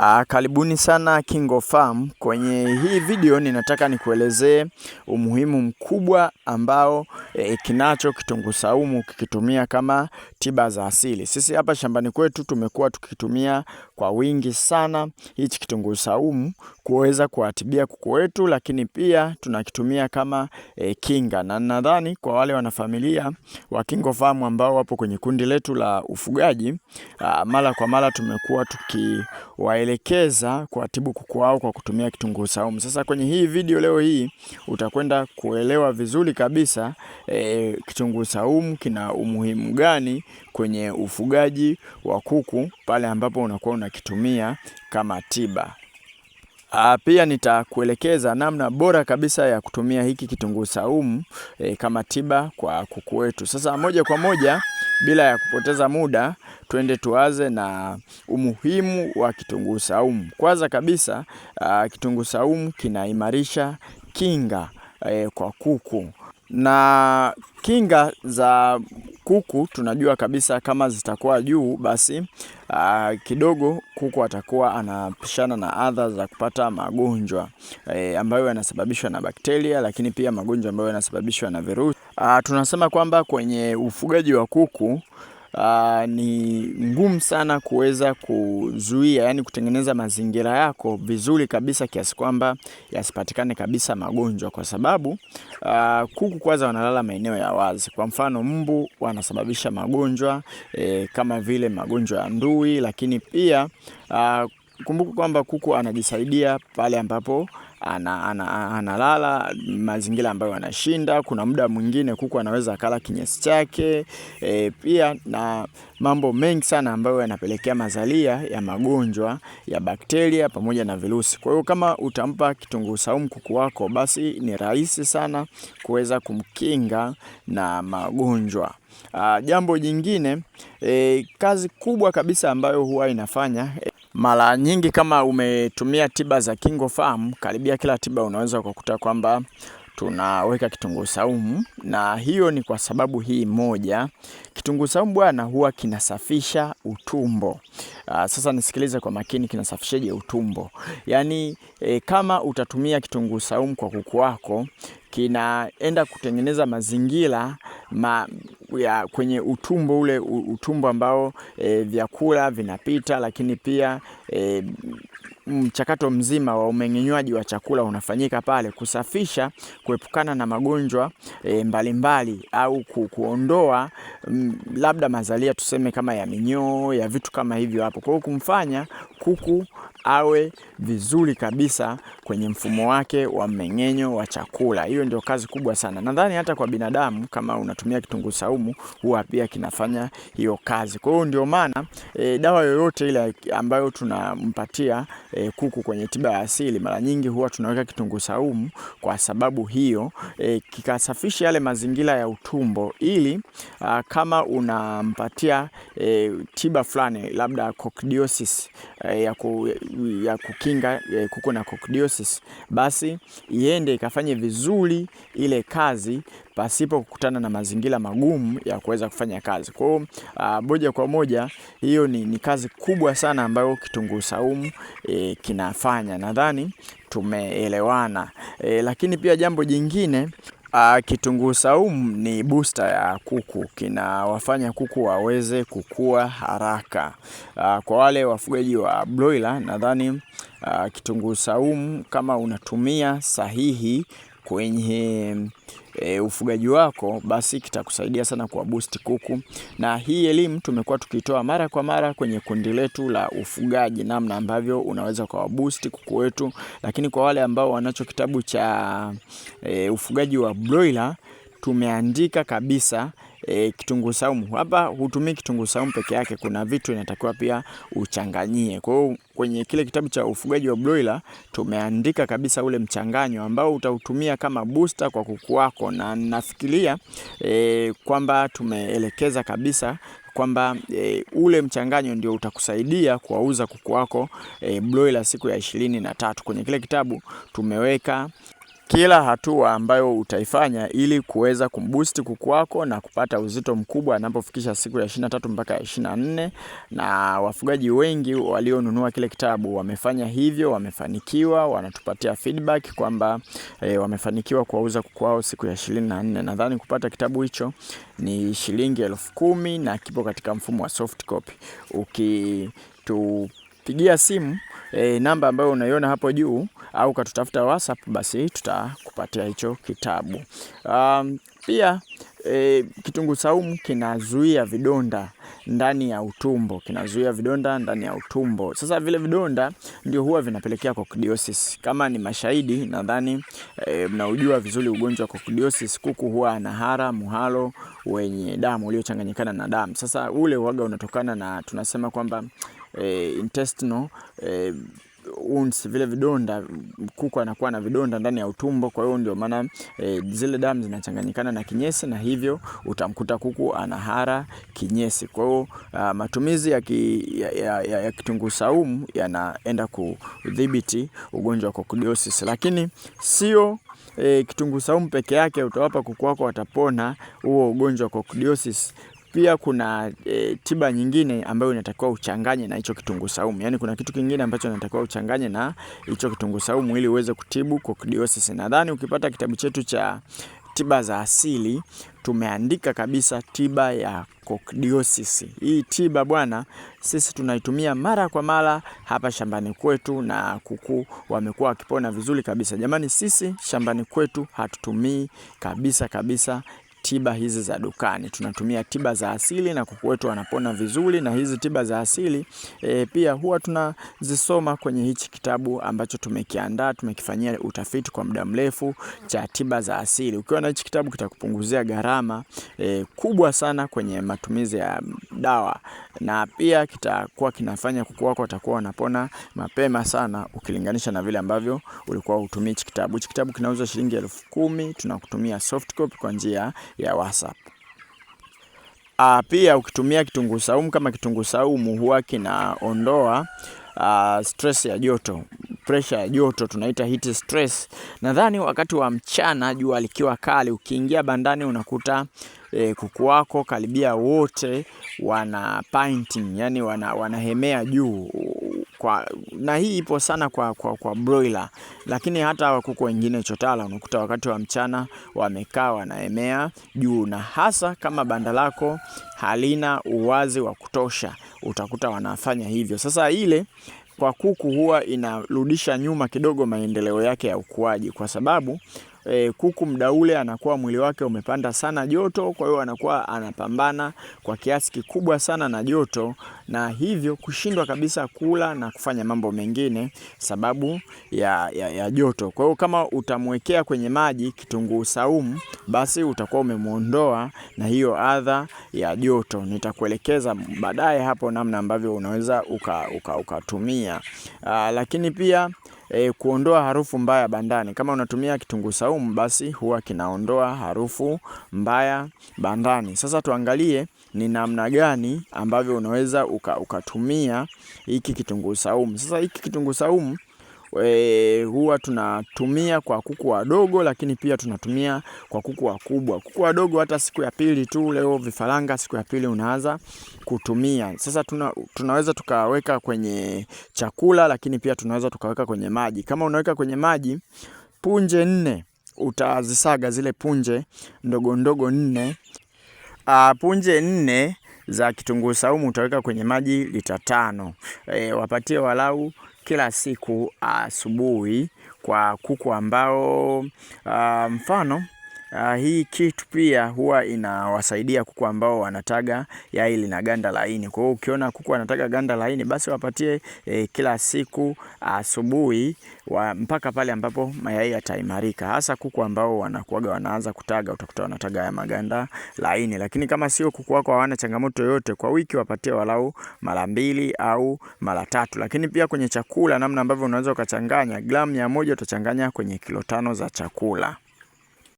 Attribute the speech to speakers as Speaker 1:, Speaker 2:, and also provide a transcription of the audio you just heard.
Speaker 1: Ah, karibuni sana Farm. Kwenye hii video ninataka nikuelezee umuhimu mkubwa ambao e, kinacho kitunguu saumu kikitumia kama tiba za asili. Sisi hapa shambani kwetu tumekuwa tukitumia kwa wingi sana hichi kitunguu saumu kuweza kuwatibia kuku wetu, lakini pia tunakitumia kama e, kinga, na nadhani kwa wale wanafamilia wa Farm ambao wapo kwenye kundi letu la ufugaji aa, ah, mara kwa mara tumekuwa tukiwa kuelekeza tibu kuku wao kwa kutumia kitunguu saumu. Sasa kwenye hii video leo hii utakwenda kuelewa vizuri kabisa e, kitunguu saumu kina umuhimu gani kwenye ufugaji wa kuku pale ambapo unakuwa unakitumia kama tiba. Ah, pia nitakuelekeza namna bora kabisa ya kutumia hiki kitunguu saumu e, kama tiba kwa kuku wetu. Sasa moja kwa moja bila ya kupoteza muda, twende tuanze na umuhimu wa kitunguu saumu. Kwanza kabisa, ah, kitunguu saumu kinaimarisha kinga e, kwa kuku na kinga za kuku tunajua kabisa kama zitakuwa juu, basi aa, ah, kidogo kuku atakuwa anapishana na adha za kupata magonjwa e, ambayo yanasababishwa na bakteria, lakini pia magonjwa ambayo yanasababishwa na virusi. Ah, tunasema kwamba kwenye ufugaji wa kuku uh, ni ngumu sana kuweza kuzuia, yani kutengeneza mazingira yako vizuri kabisa kiasi kwamba yasipatikane kabisa magonjwa, kwa sababu uh, kuku kwanza wanalala maeneo ya wazi. Kwa mfano mbu wanasababisha magonjwa eh, kama vile magonjwa ya ndui, lakini pia uh, kumbuka kwamba kuku anajisaidia pale ambapo analala ana, ana mazingira ambayo anashinda. Kuna muda mwingine kuku anaweza akala kinyesi chake e, pia na mambo mengi sana ambayo yanapelekea mazalia ya magonjwa ya bakteria pamoja na virusi. Kwa hiyo kama utampa kitunguu saumu kuku wako, basi ni rahisi sana kuweza kumkinga na magonjwa. Aa, jambo jingine e, kazi kubwa kabisa ambayo huwa inafanya e, mara nyingi kama umetumia tiba za KingoFarm, karibia kila tiba unaweza kukuta kwamba tunaweka kitunguu saumu, na hiyo ni kwa sababu hii moja. Kitunguu saumu bwana, huwa kinasafisha utumbo. Aa, ah, sasa nisikilize kwa makini, kinasafishaje utumbo? Yaani e, kama utatumia kitunguu saumu kwa kuku wako kinaenda kutengeneza mazingira ma, ya, kwenye utumbo ule utumbo ambao e, vyakula vinapita, lakini pia e, Mm, mchakato mzima wa umeng'enywaji wa chakula unafanyika pale, kusafisha, kuepukana na magonjwa e, mbalimbali au kuondoa m, mm, labda mazalia tuseme kama ya minyoo ya vitu kama hivyo hapo. Kwa hiyo kumfanya kuku awe vizuri kabisa kwenye mfumo wake wa mmeng'enyo wa chakula. Hiyo ndio kazi kubwa sana. Nadhani hata kwa binadamu kama unatumia kitunguu saumu huwa pia kinafanya hiyo kazi. Kwa hiyo ndio maana e, dawa yoyote ile ambayo tunampatia e, kuku kwenye tiba ya asili mara nyingi huwa tunaweka kitunguu saumu kwa sababu hiyo e, eh, kikasafishi yale mazingira ya utumbo ili a, ah, kama unampatia e, tiba fulani labda coccidiosis e, ya ku, ya kukinga ya kuku na kokidiosis, basi iende ikafanye vizuri ile kazi pasipo kukutana na mazingira magumu ya kuweza kufanya kazi. Kwa hiyo ah, moja kwa moja hiyo ni, ni kazi kubwa sana ambayo kitunguu saumu e, kinafanya. Nadhani tumeelewana e, lakini pia jambo jingine Ah, kitunguu saumu ni booster ya kuku, kinawafanya kuku waweze kukua haraka. Ah, kwa wale wafugaji wa broiler, nadhani ah, kitunguu saumu kama unatumia sahihi kwenye e, ufugaji wako, basi kitakusaidia sana kwa boost kuku. Na hii elimu tumekuwa tukitoa mara kwa mara kwenye kundi letu la ufugaji, namna ambavyo unaweza kwa boost kuku wetu, lakini kwa wale ambao wanacho kitabu cha e, ufugaji wa broiler tumeandika kabisa e, kitunguu saumu. Hapa hutumii kitunguu saumu peke yake, kuna vitu inatakiwa pia uchanganyie. Kwa hiyo kwenye kile kitabu cha ufugaji wa broiler tumeandika kabisa ule mchanganyo ambao utautumia kama booster kwa kuku wako, na nafikiria e, kwamba tumeelekeza kabisa kwamba e, ule mchanganyo ndio utakusaidia kuwauza kuku wako e, broiler siku ya ishirini na tatu. Kwenye kile kitabu tumeweka kila hatua ambayo utaifanya ili kuweza kumboost kuku wako na kupata uzito mkubwa anapofikisha siku ya 23 mpaka 24. Na wafugaji wengi walionunua kile kitabu wamefanya hivyo, wamefanikiwa, wanatupatia feedback kwamba e, wamefanikiwa kuwauza kuku wao siku ya 24. Nadhani kupata kitabu hicho ni shilingi elfu kumi na kipo katika mfumo wa soft copy. Uki pigia simu e, namba ambayo unaiona hapo juu au ukatutafuta WhatsApp, basi tutakupatia hicho kitabu. Um, pia e, kitunguu saumu kinazuia vidonda ndani ya utumbo, kinazuia vidonda ndani ya utumbo. Sasa vile vidonda ndio huwa vinapelekea kokidiosis. Kama ni mashahidi, nadhani e, mnaujua vizuri ugonjwa wa kokidiosis. Kuku huwa anahara muhalo wenye damu uliochanganyikana na damu. Sasa ule uoga unatokana na tunasema kwamba eh, intestinal eh, wounds vile vidonda, kuku anakuwa na vidonda ndani ya utumbo. Kwa hiyo ndio maana e, zile damu zinachanganyikana na kinyesi na hivyo utamkuta kuku anahara kinyesi. Kwa hiyo ah, matumizi ya, ki, ya, ya, ya, ya kitunguu saumu yanaenda kudhibiti ugonjwa wa coccidiosis, lakini sio e, kitunguu saumu peke yake utawapa kuku wako watapona huo ugonjwa wa coccidiosis. Pia kuna e, tiba nyingine ambayo inatakiwa uchanganye na hicho kitunguu saumu, yaani kuna kitu kingine ambacho inatakiwa uchanganye na hicho kitunguu saumu ili uweze kutibu kokidiosis. Nadhani ukipata kitabu chetu cha tiba za asili tumeandika kabisa tiba ya kokidiosis. Hii tiba bwana, sisi tunaitumia mara kwa mara hapa shambani kwetu, na kuku wamekuwa wakipona vizuri kabisa. Jamani, sisi shambani kwetu hatutumii kabisa kabisa tiba hizi za dukani. Tunatumia tiba za asili na kuku wetu wanapona vizuri, na hizi tiba za asili e, pia huwa tunazisoma kwenye hichi kitabu ambacho tumekiandaa, tumekifanyia utafiti kwa muda mrefu cha tiba za asili. Ukiwa na hichi kitabu kitakupunguzia gharama e, kubwa sana kwenye matumizi ya dawa na pia kitakuwa kinafanya kuku wako watakuwa wanapona mapema sana ukilinganisha na vile ambavyo ulikuwa utumii hichi kitabu. Hichi kitabu kinauzwa shilingi elfu kumi, tunakutumia soft copy kwa njia ya WhatsApp. A, ah, pia ukitumia kitunguu saumu kama kitunguu saumu huwa kinaondoa ah, stress ya joto pressure ya joto tunaita heat stress. Nadhani wakati wa mchana jua likiwa kali, ukiingia bandani unakuta e, kuku wako karibia wote wana painting, yani wana, wanahemea juu kwa, na hii ipo sana kwa, kwa, kwa broiler, lakini hata hawa kuku wengine chotala unakuta wakati wa mchana wamekaa wanaemea juu, na hasa kama banda lako halina uwazi wa kutosha utakuta wanafanya hivyo. Sasa ile kwa kuku huwa inarudisha nyuma kidogo maendeleo yake ya ukuaji, kwa sababu e, kuku muda ule anakuwa mwili wake umepanda sana joto, kwa hiyo anakuwa anapambana kwa kiasi kikubwa sana na joto, na hivyo kushindwa kabisa kula na kufanya mambo mengine sababu ya, ya, ya joto. Kwa hiyo kama utamwekea kwenye maji kitunguu saumu, basi utakuwa umemwondoa na hiyo adha ya joto. Nitakuelekeza baadaye hapo namna ambavyo unaweza ukatumia uka, uka, ah, lakini pia e, kuondoa harufu mbaya bandani. Kama unatumia kitunguu saumu, basi huwa kinaondoa harufu mbaya bandani. Sasa tuangalie ni namna gani ambavyo unaweza uka, ukatumia hiki kitunguu saumu. Sasa hiki kitunguu saumu e, huwa tunatumia kwa kuku wadogo, lakini pia tunatumia kwa kuku wakubwa. Kuku wadogo hata siku ya pili tu, leo vifaranga, siku ya pili unaanza kutumia. Sasa tuna, tunaweza tukaweka kwenye chakula, lakini pia tunaweza tukaweka kwenye maji. Kama unaweka kwenye maji, punje nne utazisaga zile punje ndogo ndogo nne. A, punje nne za kitunguu saumu utaweka kwenye maji lita tano. E, wapatie walau kila siku asubuhi kwa kuku ambao uh, mfano Uh, hii kitu pia huwa inawasaidia kuku ambao wanataga yai lina ganda laini. Kwa hiyo ukiona kuku anataga ganda laini, basi wapatie eh, kila siku asubuhi uh, mpaka pale ambapo mayai yataimarika, hasa kuku ambao wanakuaga wanaanza kutaga, utakuta wanataga ya maganda laini. Lakini kama sio kuku wako hawana changamoto yoyote, kwa wiki wapatie walau mara mbili au mara tatu. Lakini pia kwenye chakula, namna ambavyo unaweza ukachanganya, gramu mia moja utachanganya kwenye kilo tano za chakula.